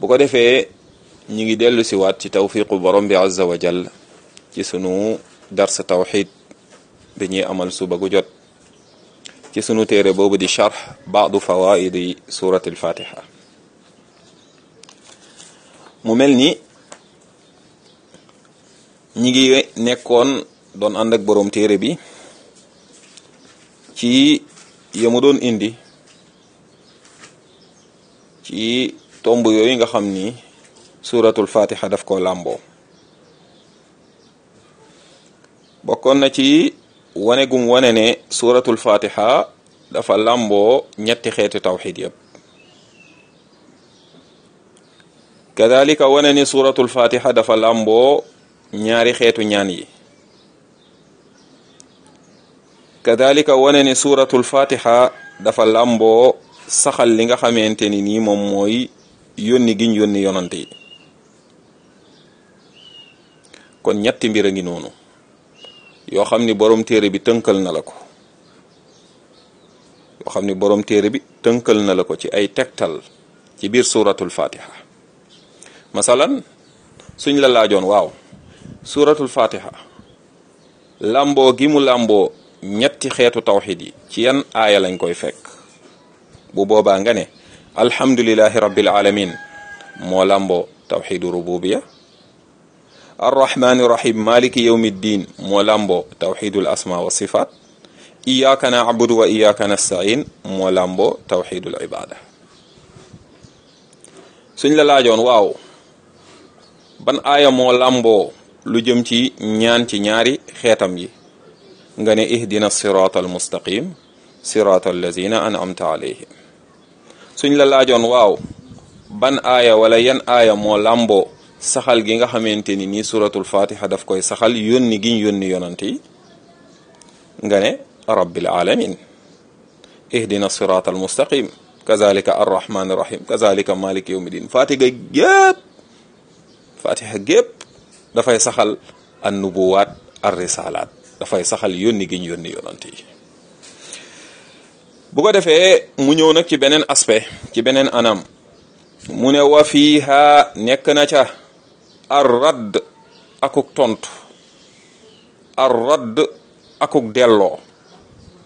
bu ko defee ñi ngi dellu siwaat ci tawfiqu borom bi azza wa jal ci sunu darsa tawxid bi ñuy amal subagu jot ci sunu téere boobu di charx baadu fawaidi surati alfatiha mu mel ni ñi ngi nekkoon doon ànd ak borom téere bi ci yamu doon indi ci tomb yooyu nga xam ni suratul fatiha daf ko làmboo bokkoon na ci wane gum ne suratul fatiha dafa làmboo ñetti xeetu tawxid yëpp kadalika wane ni suratul fatiha dafa làmboo ñaari xeetu ñaan yi kadalika wone ni suratul fatiha dafa làmboo saxal li nga xamante ni nii moom yónni giñ yónni yonante yi kon ñetti mbir a ngi noonu yoo xam ni boroom téere bi tënkal na la ko yoo xam ni téere bi tënkal na la ko ci ay tegtal ci biir suuratul fatiha masalan suñ la laajoon waaw suuratul fatiha làmboo gi mu làmboo ñetti xeetu tawxid yi ci yan aaya lañ koy fekk bu boobaa nga ne alhamdulilahi rabbil alamin moo làmboo tawxidu rububiya arrahmani rahim maliki yawmi ddin moo làmboo tawxidul asma wa sifat iyaaka naabudu wa iyaaka nastain moo làmboo tawxidul ibada suñ la laajoon waaw ban aaya moo làmboo lu jëm ci ñaan ci ñaari xeetam yi nga ne ihdina siratal mustaqim siratal lazina an'amta alayhim suñ la laajoon waaw ban aaya wala yan aaya moo làmboo saxal gi nga xamante ni nii suratul fatiha daf koy saxal yónni giñ yónni yonant yi nga ne rabbil alamin ihdina siraat al mustaqim kazalika arrahman rahim kazalika malik yawmiddin fatiha gépp fatiha gépp dafay saxal an nubuwaat ar risalaat dafay saxal yónni giñ yónni yonant bu ko defee mu ñëw nag ci beneen aspect ci beneen anam mu ne wa fiiha nekk na ca ar radd akuk tontu ar radd akuk delloo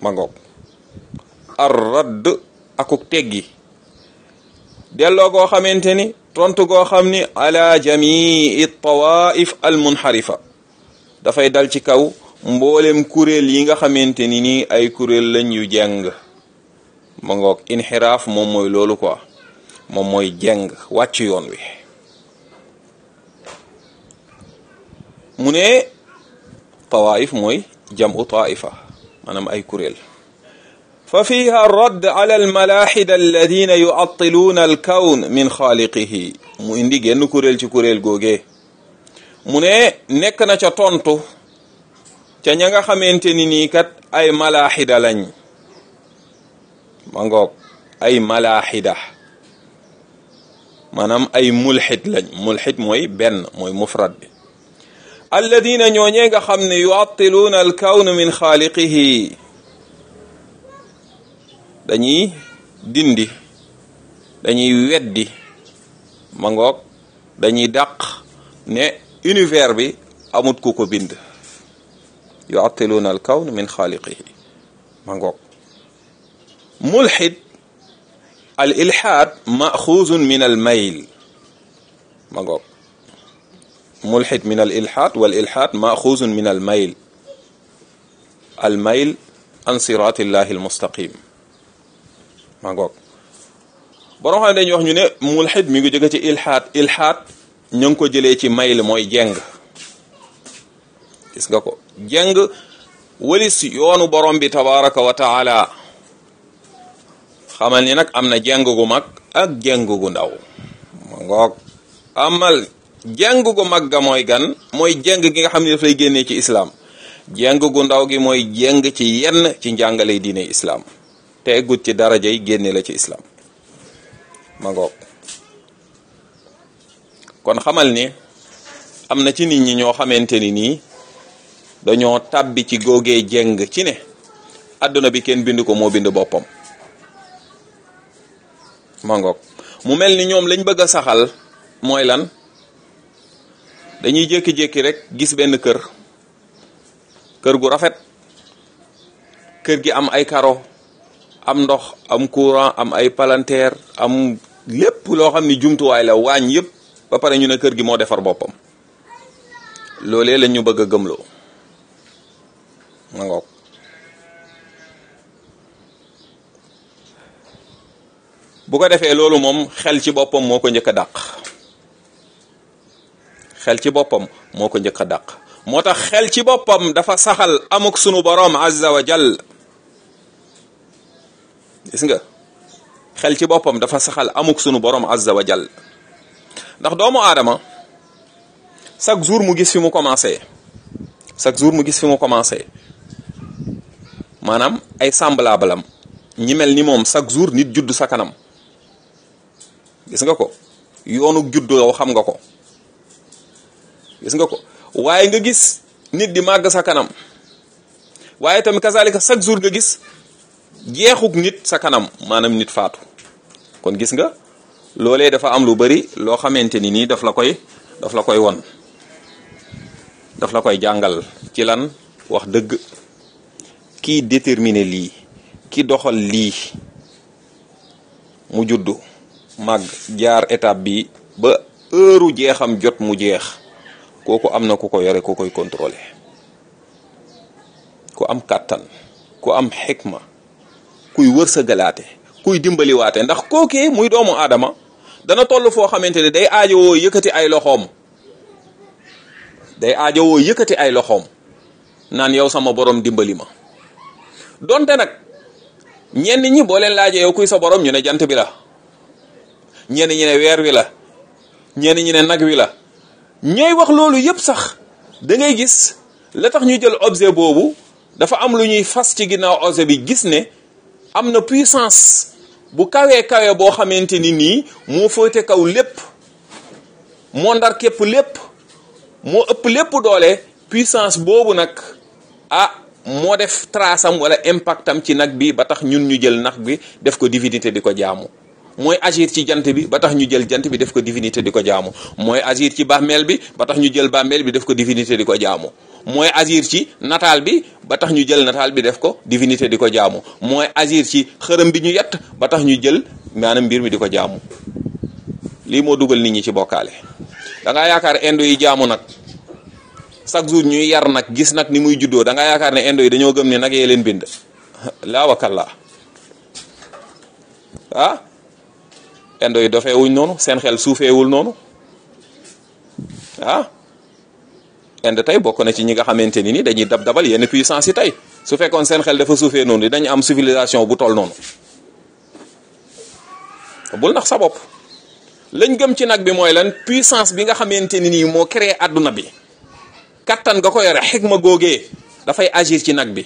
ma ngoog ar radd akuk teggi delloo goo xamante ni tontu goo xam ni ala jamii tawaif al munxarifa dafay dal ci kaw mboolem kuréel yi nga xamante ni nii ay kuréel lañ yu jàng ma inxiraaf moom mooy loolu ko moom mooy jeng wàcc yoon wi mu ne tawaif mooy jamu taifa maanaam ay kuréel fa fiha radd ala almalaxida alladina yuattiluuna alkawn min mu indi kuréel ci kuréel googee mu ne nekk na ca tontu ca ña nga xamante ni nii kat ay malaxida lañ mangook ay malaaxida maanaam ay mulxit lañ mulxit mooy benn mooy mufrad bi alladina ñooñee nga xam ne yuattiluuna alkawn min xaaliqihi dañuy dindi dañuy weddi ma ngoog dañuy dàq ne univers bi amut ku ko bind yuattiluuna alkawn min xaaliqihi mulxid al ilxaad maxuuzun min al mayl ma ngoog mulxid min al ilxaad wal ilxaad maxuuzun min al an siratillahi al mustaqim ma ngoog borom xam ne dañuy wax ñu ne mulxid mi ngi jóge ci ilxaad ilxaad ngi ko jëlee ci mayl mooy jeng nga ko jeng walis yoonu borom bi tabaraka wa xamal ni nag am na jàng gu mag ak jàng gu ndaw ma ngoog amal jàng gu mag ga mooy gan mooy jàng gi nga xam ne dafay génnee ci islaam jàng gu ndaw gi mooy jàng ci yenn ci njàngale diine islaam te ci daraja yi génne la ci islaam ma kon xamal ni am na ci nit ñi ñoo xamante ni nii dañoo tàbbi ci góogee jeng ci ne àdduna bi kenn bind ko moo bind boppam mangoog mu mel ni ñoom lañ bëgg a saxal mooy lan dañuy jékki-jékki rek gis benn kër kër gu rafet kër gi am ay karo am ndox am courant am ay palanteer am lépp loo xam ni jumtuwaay la waañ yëpp ba pare ñu ne kër gi moo defar boppam loolee la ñu bëgg a gëmloo mangoog bu ko defee loolu moom xel ci boppam moo ko njëkk a dàq xel ci boppam moo ko njëkk a dàq moo tax xel ci boppam dafa saxal amuk sunu boroom azza wa jal gis nga xel ci boppam dafa saxal amuk sunu boroom azza jal ndax doomu aadama chaque jour mu gis fi mu commencé chaque jour mu gis fi mu commencé maanaam ay semblabalam ñi mel ni moom chaque jour nit judd sa kanam gis nga ko yoonu judd yow xam nga ko gis nga ko waaye nga gis nit di màgg sa kanam waaye tamit kasaalika chaque jour nga gis jeexuk nit sa kanam maanaam nit faatu kon gis nga loole dafa am lu bari loo xamante ni nii daf la koy daf la koy won daf la koy jàngal ci lan wax dëgg kii déterminer lii ki doxal lii mu juddu màgg jaar étape bi ba heure jeexam jot mu jeex kooku am na ku ko yore ku koy contrôler ku am kàttan ku am xikma kuy wërsëgalaate kuy dimbaliwaate ndax kookee muy doomu aadama dana toll foo xamante ne day aajowoo yëkkati ay loxoom day aajowoo yëkkati ay loxoom naan yow sama borom dimbali ma donte nag ñenn ñi boo leen laajee yow kuy sa borom ñu ne jant bi la. ñenn ñi ne weer wi la ñenn ñi ne nag wi la ñooy wax loolu yépp sax da ngay gis la tax ñu jël objet boobu dafa am lu ñuy fas ci ginnaaw objet bi gis ne am na puissance bu kawee kawe boo xamante ni nii moo féete kaw lépp moo ndar képp lépp moo ëpp lépp doole puissance boobu nag ah moo def traasam wala impactam ci nag bi ba tax ñun ñu jël nax bi def ko divinité di ko jaamu mooy agir ci jant bi ba tax ñu jël jant bi def ko divinité di ko jaamu mooy agir ci bàmmeel bi ba tax ñu jël bàmmeel bi def ko divinité di ko jaamu mooy agir ci nataal bi ba tax ñu jël nataal bi def ko divinité di ko jaamu mooy agir ci xërëm bi ñu yett ba tax ñu jël maanaam mbir mi di ko jaamu lii moo dugal nit ñi ci bokkaale danga yaakaar indo yi jaamu nag chaque jour ñuy yar nag gis nag ni muy juddoo da ngaa yaakaar ne indo yi dañoo gëm ne nag yee leen bind laa wakalla ah indo yi dofee wuñ noonu seen xel suufeewul noonu ah inde tey bokk na ci ñi nga xamante ni nii dañuy dab dabal yenn puissance yi tey su fekkoon seen xel dafa suufee noonu dinañ am civilisation bu toll noonu bul nax sa bopp lañ gëm ci nag bi mooy lan puissance bi nga xamante ni nii moo créé àdduna bi kattan nga ko yore xikma googee dafay agir ci nag bi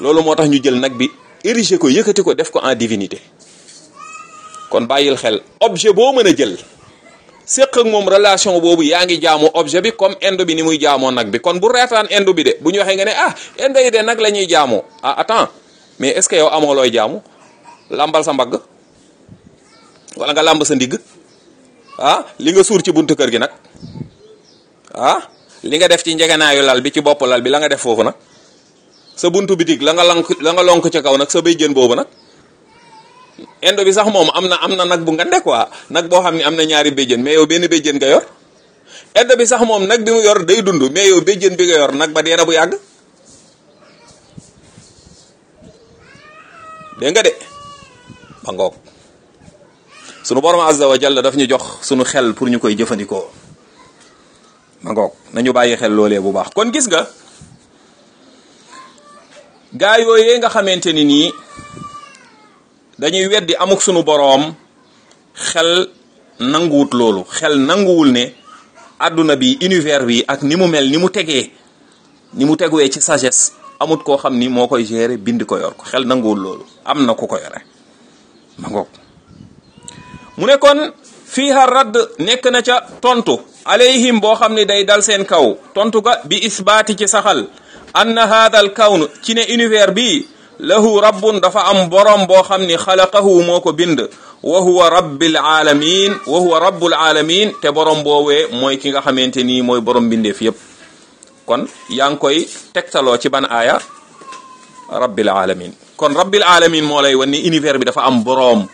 loolu moo tax ñu jël nag bi érigé ko yëkkati ko def ko en divinité kon bàyyil xel objet boo mën a jël séq moom relation boobu yaa ngi jaamu objet bi comme indo bi ni muy jaamoo nag bi kon bu reetaan indo bi de bu ñu waxee nga ne ah indo yi de nag la ñuy jaamoo ah attends mais est-ce que yow amoo looy jaamu làmbal sa mbagg wala nga làmb sa ndigg ah li nga suur ci buntu kër gi nag ah li nga def ci njegenaayu lal bi ci bopp lal bi la nga def foofu nag sa buntu bitig la nga lank la nga lonk ci kaw nag sa béy jën boobu nag indo bi sax moom am na am na nag bu ngande quoi nag boo xam ne am na ñaari béjjén mais yow benn béjjén nga yor indo bi sax moom nag bi mu yor day dund mais yow béjjén bi nga yor nag ba dee bu yàgg dégg nga de ba ngoog sunu borom azza jalla daf ñu jox sunu xel pour ñu koy jëfandikoo ma ngoog nañu bàyyi xel loolee bu baax kon gis nga gaa yooyee nga xamante ni nii dañuy weddi amuk sunu boroom xel nanguwut loolu xel nanguwul ne àdduna bi univers bi ak ni mu mel ni mu tegee ni mu teguwee ci sagesse amut koo xam ni moo koy gérer bind ko ko xel nanguwul loolu am na ku ko yore ma mu ne kon fiiha radd nekk na ca tontu alayhim boo xam ne day dal seen kaw tontu ga bi isbaati ci saxal anna haadal kawnu ci ne univers bi lahu rabbun dafa am borom boo xam ni xalaqahu moo ko bind wa huwa rabbil alamin wa huwa rabbul alamin te boroom boowee mooy ki nga xamante ni mooy borom bindeef yépp kon yaa ngi koy tegtaloo ci ban aaya rabbil alamin kon rabbil alamin moo lay wan ni univers bi dafa am boroom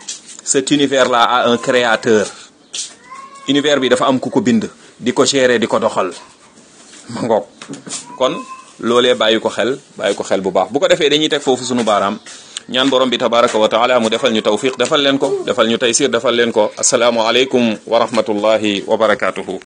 cet univers là un créateur univers bi dafa am ku ko bind di ko gérer di ko doxal loolee bàyyi ko xel bàyyi ko xel bu baax buko ko defee dañuy teg foofu sunu baaraam ñaan borom bi tabaraka wa taala mu defal ñu tawfiq defal leen ko defal ñu taysir defal leen ko asalaamu aleykum wa rahmatullahi wa barakatuhu